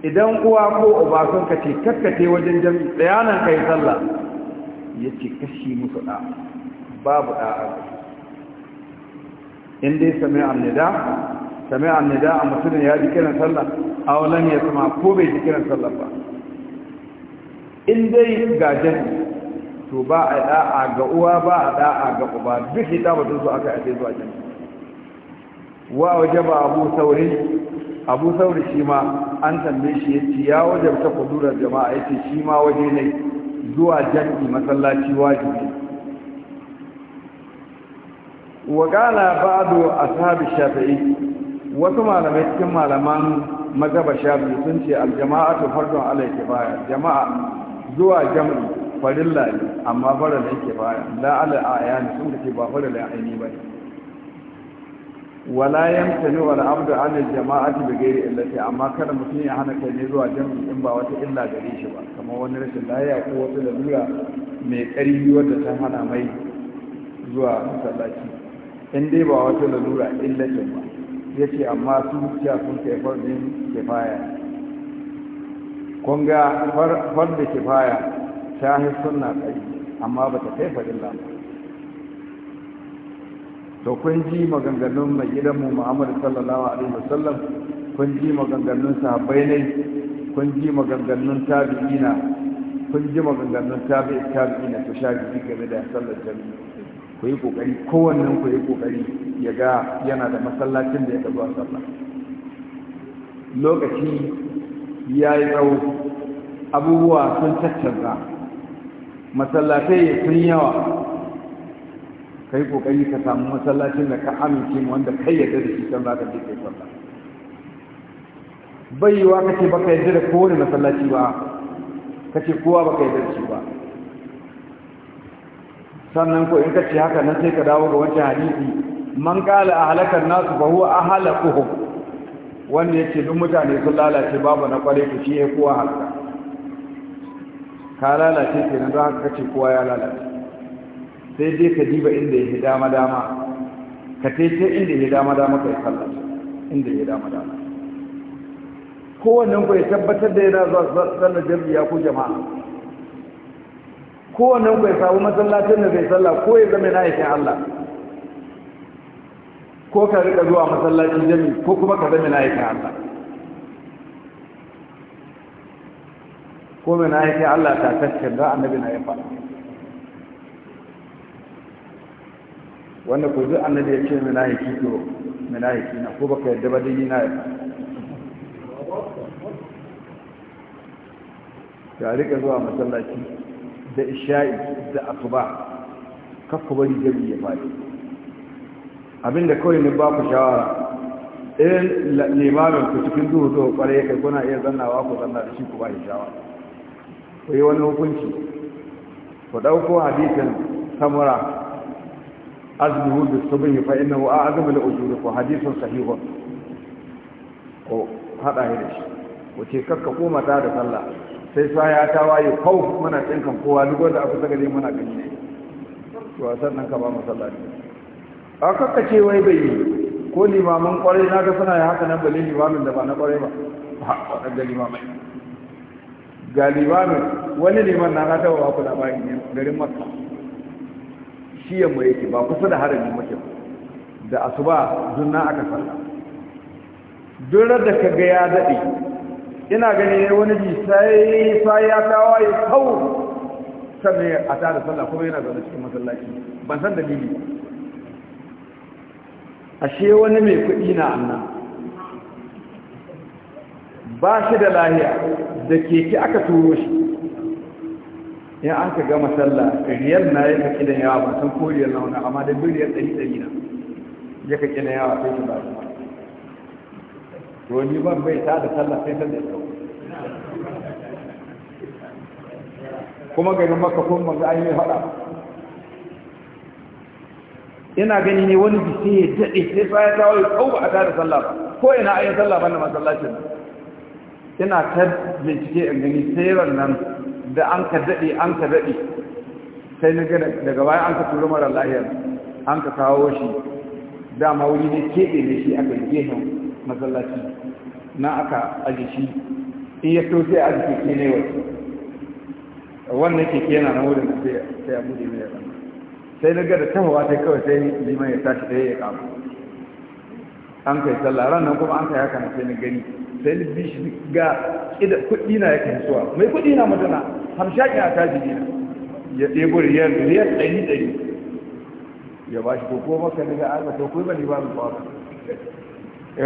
idan uwa ko uba sun ka ce kakkace wajen jam'i tsayanan kai sallah ya ce kashi musu da babu da'a in dai sami annida sami an nida a mutumin ya ji kiran sallah a wannan ya sama ko bai ji kiran sallah ba in dai gajen to ba a da'a ga uwa ba a da'a ga uba duk ita ba su aka ake zuwa jan wa waje ba abu sauri abu sauri shi ma an tambaye shi ya ce ya waje ta kudurar jama'a ya ce shi ma waje ne zuwa jan'i masallaci wajibi wa gana ba'adu ashabi shafi'i wasu malamai cikin malaman mazhaba shafi sun ce aljama'atu fardun alal kifaya jama'a zuwa jam'i farin ne amma farilla kifaya la ala ayan sun ce ba farilla aini ba wala yamtani wal abdu an jama'ati bi ghairi illati amma kada mutum ya hana kai ne zuwa jam'i in ba wata illa gare shi ba kamar wani rashin lafiya ko wata lalura mai ƙarfi wadda ta hana mai zuwa masallaci in dai ba wata lalura illatin ba ya ce amma sun sha sun kai farzin kifaya kun ga farda kifaya ta yi sunna kai amma ba ta kai farilla to kun ji maganganun mai gidanmu muhammad sallallahu alaihi wasallam kun ji maganganun sahabbai ne kun ji maganganun tabi'ina kun ji maganganun tabi'ina to sha biyu game da sallar jami'a ku yi kokari kowannen ku yi kokari ya ga yana da masallacin da ya ga zuwa sallah lokaci ya yi tsawo abubuwa sun caccanza masallatai sun yawa kai kokari ka samu masallacin da ka amince wanda kai yadda da shi kan za ka je kai sallah baiwa kace baka yadda da kowane masallaci ba kace kowa baka yadda da shi ba sannan ko in ka ce haka nan sai ka dawo ga wancan hadisi man kala a halakar nasu ba huwa a halakuhu wanda ya ce duk mutane sun lalace babu na kwarai ku shi ya kowa halaka ka lalace ke nan don kace kowa ya lalace sai dai ka diba inda ya dama dama ka tece inda ya dama dama kai sallah inda ya dama dama kowannen ku ya tabbatar da yana zuwa sallar jami'a ko jama'a kowannen ku ya samu masallacin da zai sallah ko ya zama na aikin Allah ko ka rika zuwa masallacin jami ko kuma ka zama na aikin Allah ko mai na aikin Allah ta kashe da annabi na ya faɗa wanda ku zai annabi ya ce mai na aiki to mai na aiki na ko ka yadda ba yi na ya faɗa ka rika zuwa masallaci da isha'i da asuba kafa bari jami ya faɗi abinda kawai ne ba ku shawara irin limamin ku cikin duhu zuwa kwarai ya kai kuna iya zannawa ku zanna da shi ku ba shawara ku yi wani hukunci ku ɗauko hadisin samura azmihu da subhi fa innahu a'zamu li ku hadisin sahihun ko hada shi shi wace kakka koma ta da sallah sai sa ya ta waye kau muna tsinkan kowa duk wanda aka saka ne muna gani ne to sannan ka ba masallaci aka ce wai bai yi ko limamin kwarai na ga suna haka nan ba limamin da ba na kwarai ba Ha, a ga limamai ga limamin wani liman na ta wa ku ba ne garin makka shi ya mu yake ba kusa da harin muke da asuba dunna aka sallah duk da kaga ya dade ina gani wani bi sai sai ya kawo ya kawo sannan a ta da sallah kuma yana zaune cikin masallaci ban san dalili ba ashe wani mai kuɗi na annan ba shi da lahiya da keke aka turo shi in an ka gama sallah riyal na ya kaki da yawa ba san ko riyal na wani amma da biriyar ɗari ɗari na ya kaki da yawa sai shi ba to ban bai ta da sallah sai da ta kuma garin maka kun manzo an yi faɗa ina gani ne wani bisi ya daɗe sai sa ya dawo ya kau ba a tada sallah ba ko ina ayin sallah ban da masallacin ina ta bincike in gani sai nan da an ka daɗe an ka daɗe sai na gada daga baya an ka turo mara lahiyar an ka kawo shi dama wuri ne keɓe ne shi a kan gehen masallaci na aka aje shi in ya so sai a keke ne wannan keke yana na wurin da sai a buɗe mai yaran sai na gada hawa sai kawai sai liman ya tashi ɗaya ya kama an kai sallah ranar kuma an kai haka na sai na gani sai na bi shi ga idan kuɗi na ya kai suwa mai kuɗi na mutana hamshakin a tashi ne ya ɗebo riyar riyar ɗari ɗari ya ba shi ko kuma maka daga arba to kuma ba ni ba mu ba ya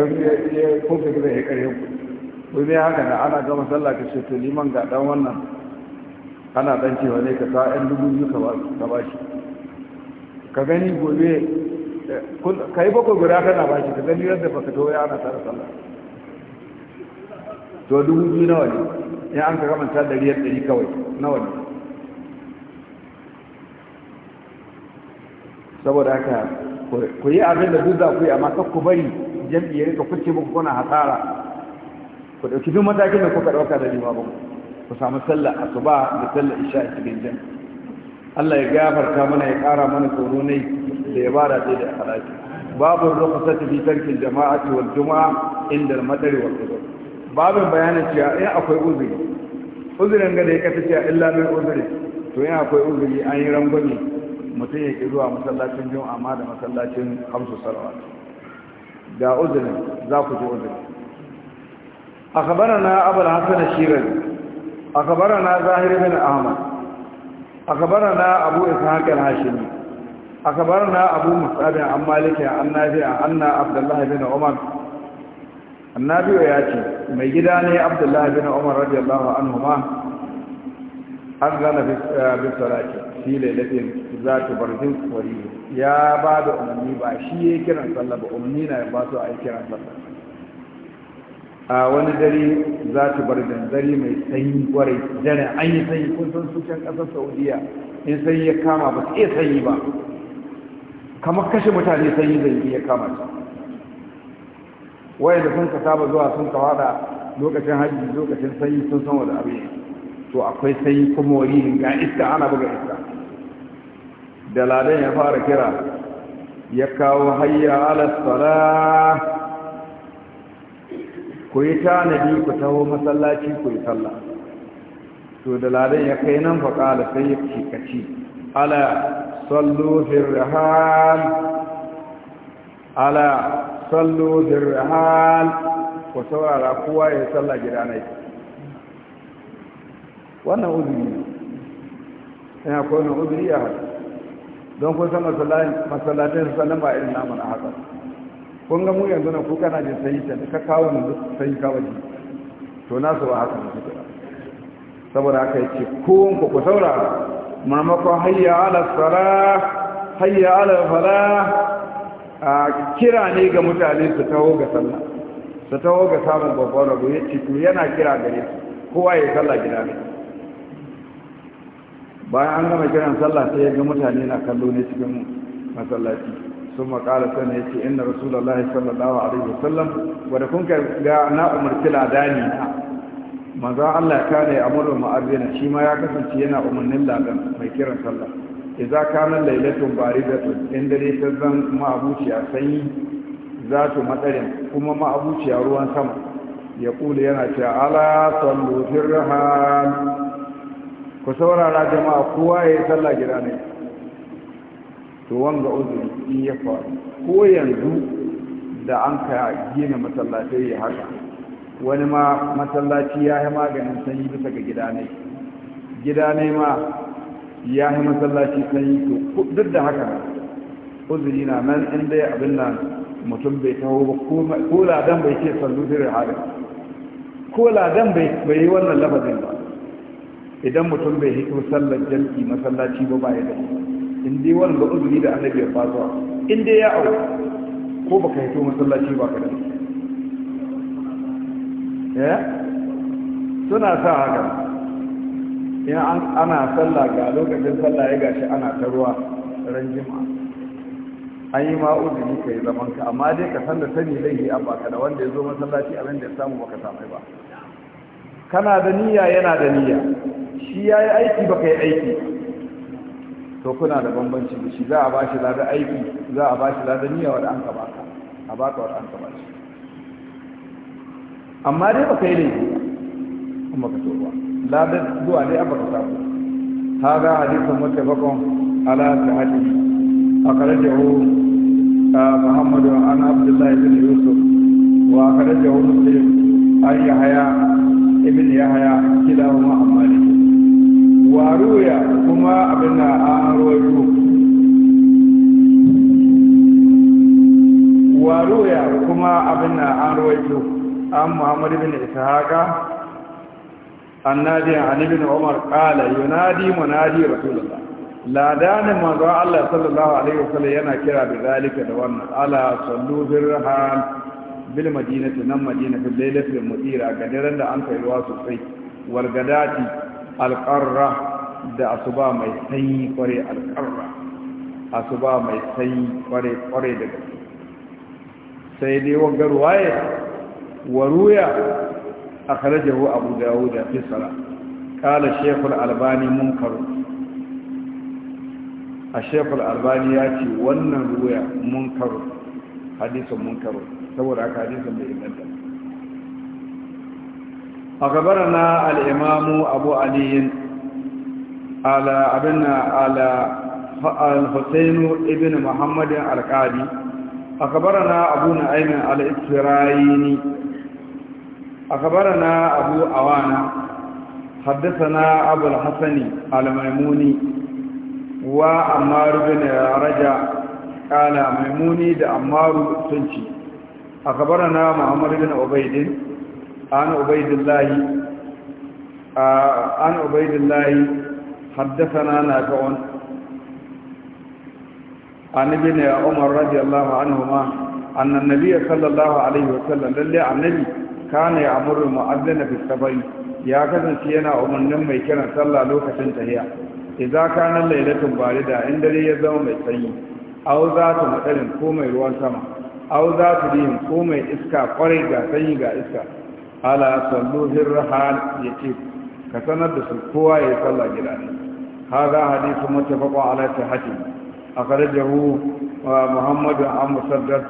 kofi gida ya ƙarya ku ko zai haka na ana gama sallah ka ce to liman ga dan wannan ana dan cewa ne ka sa ɗan dubu biyu ka ba shi ka gani gobe ka yi bakwai guda kana ba shi ka gani yadda ba ka towa ana tsara sallah to dubu biyu nawa ne in an ka gama ta dari riyar ɗari kawai nawa ne saboda haka ku yi abin da duk za ku yi amma kan ku bari jam'i ya rika kuce muku kuna hasara ku dauki duk matakin da kuka dauka da limamin ku samu sallah asuba da sallah isha cikin jam'i Allah ya gafarta mana ya kara mana tsoro ne da ya bada da da halaki babu rukhsati fi tarkil jama'ati wal juma'a inda al-madari wal qudus babin bayanin cewa in akwai uzuri uzurin ga da ya kasa cewa illa min uzuri to in akwai uzuri an yi rangwame mutum ya ke zuwa masallacin juma'a ma da masallacin hamsu salawat ga uzurin za ku ji uzurin a kabara na abu da hasana shirin a kabara na zahiri bin ahmad a kabara na abu isa haƙar a kabara na abu musabin an maliki an nafi a anna abdullahi bin umar annabi ya ce mai gida ne abdullahi bin umar radiyallahu anhu ma an gana bisarake eh, fi lailatin za ta barzin kwari ya ba da umarni ba shi ya kiran sallah ba umarni na ba su a yi kiran sallah a wani dare za ta barzin dare mai sanyi kwarai dare an yi sanyi kun san su can kasar saudiya in sanyi ya kama ba su iya sanyi ba kamar kashe mutane sanyi zai iya kama su wayanda sun ka saba zuwa sun kawada lokacin hajji lokacin sanyi sun san wani abu to akwai sanyi kuma warihin ga iska ana buga iska da ladan ya fara kira ya kawo hayya alasala ku yi tanadi ku taho masallaci ku yi sallah to da ladan ya kai nan faƙala sai ya ce kaci ala sallu firrahal ala sallu firrahal ku saurara kowa ya sallah gida nai wannan uzuri ne yana kowane uzuri ya haɗu. don kun san masallatai sallan ba irin namu na haka kun ga mu yanzu na kuka na jin sanyi ta ka kawo mu sanyi ka waje to na su ba haka ne suke saboda haka yace kun ko ku saurara mamakon hayya ala sara hayya ala fara. a kira ne ga mutane su taho ga sallah su taho ga samun babban rabo yace to yana kira gare su kowa ya sallah gida ne bayan an gama kiran sallah sai ya ga mutane na kallo ne cikin masallaci sun makala sana ya ce inna rasulullahi sallallahu alaihi wa sallam, wadda kun ka ga na umarci ladani maza Allah ya kare amrul ma'azina, shi ma ya kasance yana umarnin ladan mai kiran sallah idza kana lailatun baridatun in dare ta zan ma'abuciya sanyi za su matsarin kuma ma'abuciya ruwan sama ya kula yana cewa ala sallu firhan ku saurara jama'a kowa ya yi sallah gida ne to wanga uzuri in ya faru ko yanzu da an ka gina masallacin ya haka wani ma masallaci ya yi maganin sanyi bisa ga gida ne gida ne ma ya yi masallaci sanyi to duk da haka uzuri na nan inda ya abin nan mutum bai taho ba ko ladan bai ce sallu zirin halin ko ladan bai yi wannan lafazin ba idan mutum bai hito sallar jam'i masallaci ba bayan da in dai wani ba uzuri da annabi ya fasuwa in dai ya au ko baka hito masallaci ba ka da ya eh? suna sa haka in ana sallah ga lokacin sallah ya gashi ana ta ruwa ran jima'a an yi ma'udini ka yi zaman ka amma dai ka san da sani laifi an baka da wanda ya zo masallaci abin da ya samu baka samai ba kana da niyya yana da niyya shi ya yi aiki ba ka yi aiki to kuna da bambanci da shi za a ba shi ladar aiki za a ba shi ladar niyya wadda an ka baka a baka wadda an ka shi amma dai ba kai ne laifi kuma ka toba ladar zuwa dai abba ka samu hada hadisin mutafakon ala ta hadisi a karajahu محمد عن عبد الله بن يوسف وأخرجه مسلم عن يحيى ابن يحيى كلاهما عن مالك waruya kuma abin na an rawaito waruya kuma abin na an rawaito an muhammad bin ishaqa annabi an ibn umar qala yunadi munadi rasulullah ladanin manzo Allah sallallahu alaihi wasallam yana kira da zalika da wannan ala sallu birhan bil madinati nan madina fil lailatil mudira ga daren da an kai ruwa sosai wal gadati alƙarra da asuba mai sanyi kware alƙarra asuba mai sanyi kware kware da sai dai wagga ruwaye wa ruya akhrajahu abu dawud fi salah qala Kala al-albani ya الشيخ wannan ياتي وانا رويا منكر حديث منكر سورة حديث بإمانته أخبرنا الإمام أبو علي على أبنا على الحسين ابن محمد القاضي أخبرنا أبو نعيم على إسرائيل أخبرنا أبو أوانا حدثنا أبو الحسن على ميموني وأمار بن رجع على ميموني دأمار سنشي أخبرنا محمد بن عبيد عن عبيد الله حدثنا نافع عن ابن عمر رضي الله عنهما أن النبي صلى الله عليه وسلم للي النبي كان يأمر المؤذن في السفر يا كذن سينا أمنا ما كان صلى لوكة تهيا إذا كان الليلة باردة عند لي يزوم السيين أو ذات مثل كومي روان سما أو ذات ديهم كومي إسكا قريقا سيقا إسكا ala sallohin hirrahal ya ce ka sanar da su kowa ya yi tsalla gida ne Ha haza hadisu mutafakon ala sahatin a karajahu uh, muhammadu an musaddad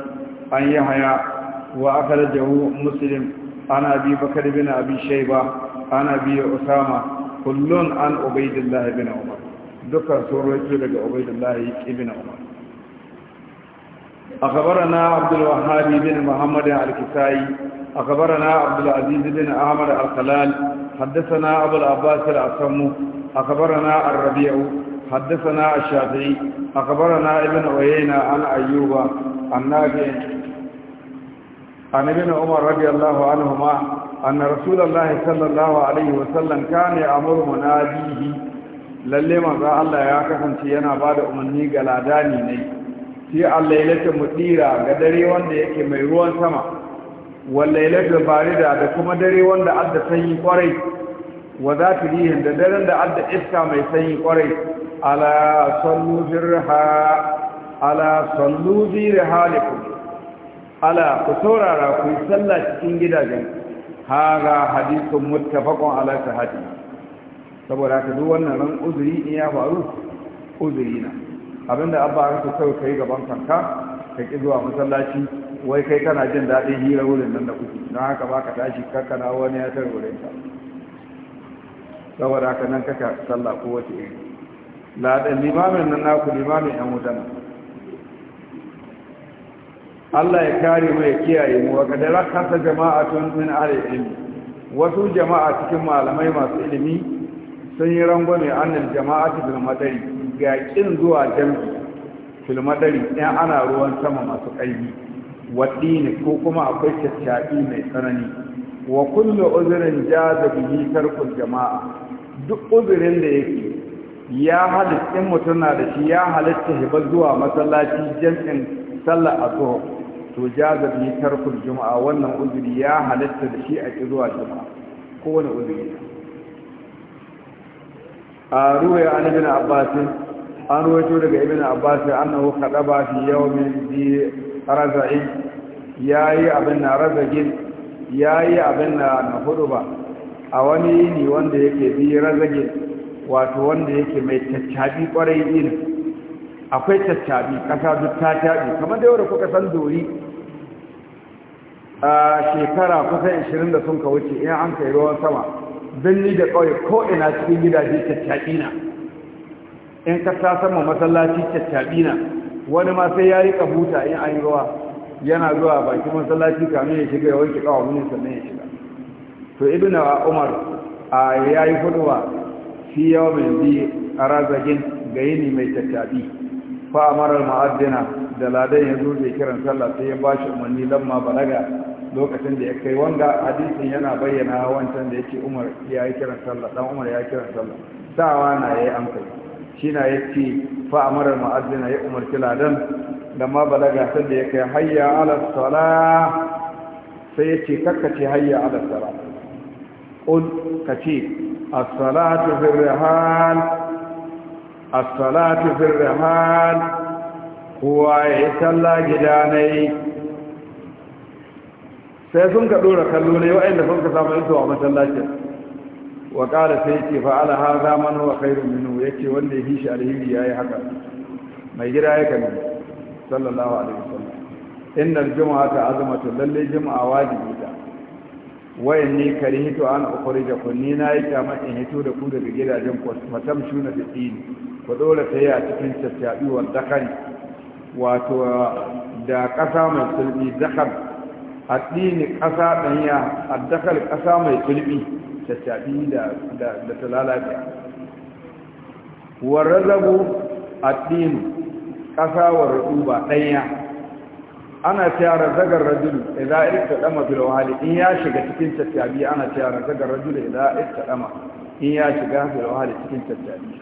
an yi haya wa aka rajahu muslim ana abi bakar bin abi shaiba an abi usama kullun an ubaidillah bin umar dukkan tsoron sauransu daga ubaidillah ibn umar A أخبرنا na الوهاب bin محمد الكسائي أخبرنا عبد العزيز بن عامر الخلال حدثنا أبو العباس الأصم أخبرنا الربيع حدثنا الشافعي أخبرنا ابن عيينة عن أيوب عن نافع عن ابن عمر رضي الله عنهما أن رسول الله صلى الله عليه وسلم كان يأمر مناديه lalle manzo Allah ya kasance yana ba da umarni ga ladani ne sai Allah ya lake mutira ga dare wanda yake mai ruwan sama wallailatul barida da kuma dare wanda adda sanyi kwarai wa za ta zatirihin da daren da adda iska mai sanyi kwarai ala sallu firha ala sallu liku. ala ku saurara ku yi sallah cikin gidajen haga hadisun muttafaqun ala sahati saboda haka duk wannan ran uzuri in ya faru uzuri na abinda abba aka so kai gaban kanka ka ƙi zuwa masallaci wai kai kana jin daɗin hira wurin nan da kuke don haka ba ka tashi kakana wani ya tar wurin ka saboda haka nan kaka sallah ko wace iri ladan limamin nan naku limamin yan wutan Allah ya kare mu ya kiyaye mu wa kadara kasa tun min ahli ilmi wasu jama'a cikin malamai masu ilimi sun yi rangwame annal jama'a bil madari ga kin zuwa jami'a fil madari in ana ruwan sama masu ƙarfi waɗini ko kuma akwai caccaɗi mai tsanani wa kullu uzrin jaza bihi tarkul jama'a duk uzrin da yake ya halitta in mutum na da shi ya halitta hiba zuwa masallaci jam'in sallar asuha to jaza bihi tarkul juma'a wannan uzuri ya halitta da shi a ki zuwa jama'a. kowane uzuri a ruwaya an ibn abbas an ruwaito daga ibn abbas annahu kadaba fi yawmin raza'i ya yi abin na razagin ya abin na na ba a wani ne wanda yake bi razagin wato wanda yake mai tattabi kwarai din akwai tattabi kasa duk ta tabi kamar da yau kuka san dori a shekara kusa 20 da sun ka wuce in an kai ruwan sama birni da ƙauye ko ina cikin gidaje tattabi na in ka ta sama masallaci tattabi na wani ma sai ya yi kabuta in an yi ruwa yana zuwa bakin masallaci kamin ya shiga ya wanke kawo mini sannan ya shiga to ibn umar a yayi huduwa fi mai bi arazagin gayini mai tattabi fa amara al-mu'addina da ladan ya zo da kiran sallah sai ya bashi umarni lamma balaga lokacin da ya kai Wanga hadisin yana bayyana wancan da yake umar ya yi kiran sallah dan umar ya yi kiran sallah sawa na yayi amfani shi na ya ce fa'amarar ma'azina ya umarci ladan da ma balaga sanda ya kai hayya alasala sai ya ce kakkace hayya alasala ƙul ka ce asalatu salatu asalatu firrahal kowa ya yi talla gida na yi sai sun ka ɗora kallo ne wa'inda sun ka samu iso a masallacin wa ƙara sai ce fa'ala ha zaman wa khairun minu ya ce wanda ya fi shi alheri ya yi haka mai gida ya kami sallallahu alaihi wasallam innal juma'a ta azamatu lalle juma'a wajibi ta wayan ne kare hito an da kunni na yi kyamar in hito da ku daga gidajen ku fatam shuna da tsini ku dora sai a cikin tattabi wa dakari wato da ƙasa mai sulbi dakar addini ƙasa ɗanya addakar ƙasa mai sulbi Tattabi da da talalaka warrazabu addin kasa wa ruba danya ana cewa razagar rajul idza dama bil wali in ya shiga cikin tattabi ana cewa razagar rajul idza dama in ya shiga bil wali cikin tattabi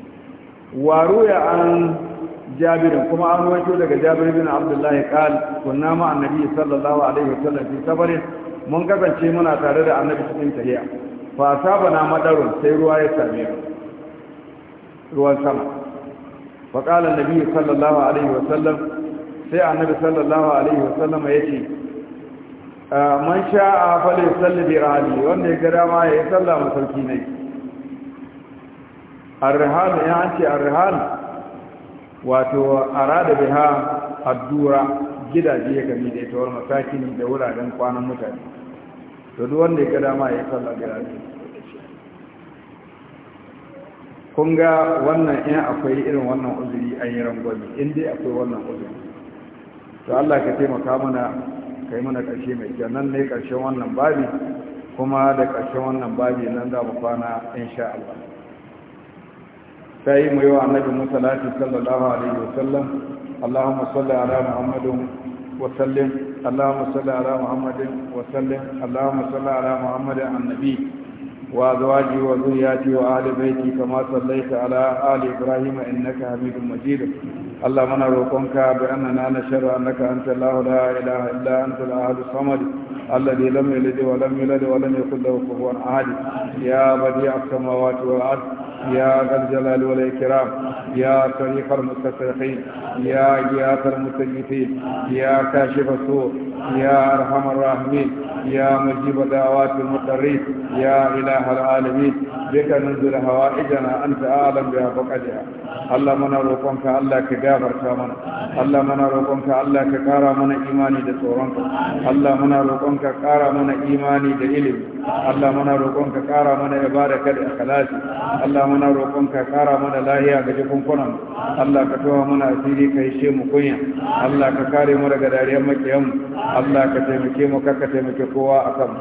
waro ya an jabirin kuma an wato daga jabir bin abdullah qal kunna ma annabi sallallahu alaihi wasallam fi safarin mun kasance muna tare da annabi cikin tahiya fa saba na madarun sai ruwa ya same ruwan sama fa qala nabi sallallahu alaihi wasallam sai annabi sallallahu alaihi wasallam ce. man sha'a falyusalli bi rali wanda ya ga dama ya salla masauki ne ar ya ce ar-rihan wato arada biha addura gidaje ya gami da ita war masakin da wuraren kwanan mutane to duk wanda ya ga dama ya salla da rafi kun ga wannan in akwai irin wannan uzuri an yi rangwani, in dai akwai wannan uzuri to Allah ka taimaka mana ka yi mana ƙarshe mai kyau nan ne ƙarshen wannan babi kuma da ƙarshen wannan babi nan za mu kwana insha Allah sai mu yi wa annabi Musa sallallahu alaihi wasallam Allahumma salli ala Muhammadin وسلم اللهم صل على محمد وسلم اللهم صل على محمد النبي وأزواجه وذرياته وآل بيته كما صليت على آل إبراهيم إنك حميد مجيد اللهم نروقنك بأننا نشهد أنك أنت الله لا إله إلا أنت الأحد الصمد الذي لم يلد ولم يلد ولم يكن له كفوا أحد يا بديع السماوات والأرض يا ذا الجلال والإكرام يا طريق المستصرخين يا إياك المستجيبين يا كاشف السوء يا أرحم الراحمين يا مجيب دعوات المضطرين يا إله العالمين بك ننزل هوائجنا أنت أعلم بها فقدها الله من روقنك الله كجابر كامنا الله من روقنك الله ككارا من إيماني دسورنك الله من روقنك كارا من إيماني دعلم الله من روقنك كارا من عبادك الإخلاص الله muna roƙon ka ƙara mana lahiya ga jikunkunan Allah ka towa mana asiri ka yi mu kunya Allah ka kare mu daga dariyar makiyan Allah ka taimake mu ka taimake kowa akan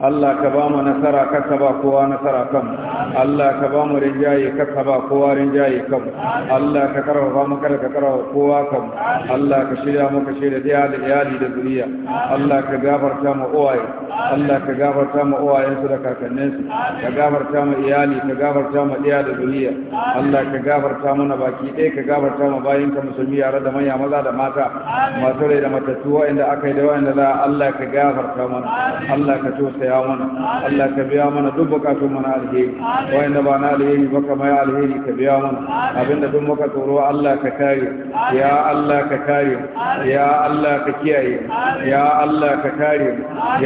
Allah ka ba mu nasara kasa ba kowa nasara kan Allah ka ba mu rinjaye kasa ba kowa rinjaye kan Allah ka karfafa mu kada ka karfafa kowa kan Allah ka shirya mu ka shirya da da iyali da zuriya Allah ka gafarta mu uwaye Allah ka gafarta mu uwayen su da kakannin su ka gafarta mu iyali ka gafarta mu iya da zuriya Allah ka gafarta mana baki ɗaya ka gafarta mu bayin ka musulmi yare da manya maza da mata masu rai da matattu wa'anda aka yi da wa'anda za Allah ka gafarta mana Allah ka tosa tausaya mana Allah ka biya mana duk bukatun mana alheri wayanda ba na alheri ba kama ya alheri ka biya mana abinda duk muka tsoro Allah ka kare ya Allah ka kare ya Allah ka kiyaye ya Allah ka kare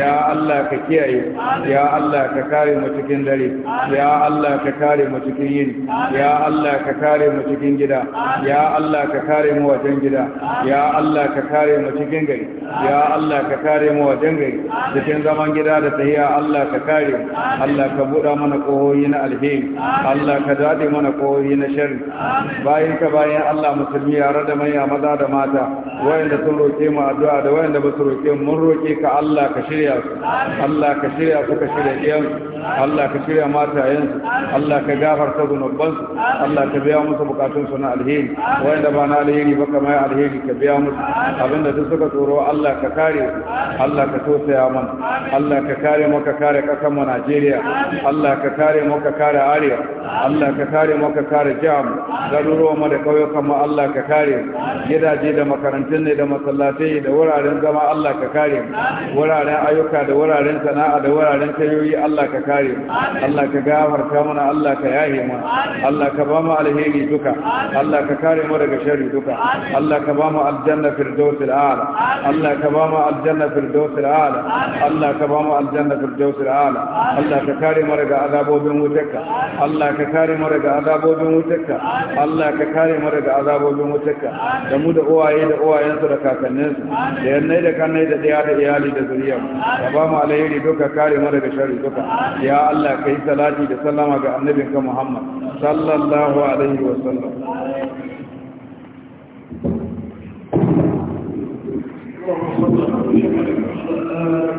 ya Allah ka kiyaye ya Allah ka kare mu cikin dare ya Allah ka kare mu cikin yini ya Allah ka kare mu cikin gida ya Allah ka kare mu wajen gida ya Allah ka kare mu cikin gari ya Allah ka kare mu wajen gari cikin zaman gida da tahiya kariya Allah ka kare mu Allah ka buɗa mana na alheri Allah ka dade mana kohoyi na sharri bayan ka bayan Allah musulmi yare da manya maza da mata wayanda sun roƙe mu addu'a da wayanda ba su roke mu mun roƙe ka Allah ka shirya su Allah ka shirya su ka shirya iyan Allah ka shirya matayen su Allah ka gafarta zunuban su Allah ka biya musu bukatun su na alheri wayanda ba na alheri ba kamar alheri ka biya musu abinda duk suka tsoro Allah ka kare Allah ka tosaya mana Allah ka kare kare mu kare kasar mu Najeriya Allah ka kare mu ka kare Arewa Allah ka kare mu ka kare jam garuruwan mu da kauyukan mu Allah ka kare gidaje da makarantun ne da masallatai da wuraren zama Allah ka kare wuraren ayyuka da wuraren sana'a da wuraren tayoyi Allah ka kare Allah ka gafarta mana Allah ka yahe mana Allah ka ba mu alheri duka Allah ka kare mu daga sharri duka Allah ka ba mu aljanna firdausil a'la Allah ka ba mu aljanna firdausil a'la Allah ka ba mu aljanna na firdausul ala Allah ka kare mu daga azabobin wutarka Allah ka kare mu daga azabobin wutarka Allah ka kare mu daga azabobin wutarka da mu da uwaye da uwayensu da kakanninsu da yannai da kannai da daya da iyali da zuriya ka ba mu alheri duka kare mu daga sharri duka ya Allah kai salati da sallama ga annabin ka Muhammad sallallahu alaihi wa sallam Thank you.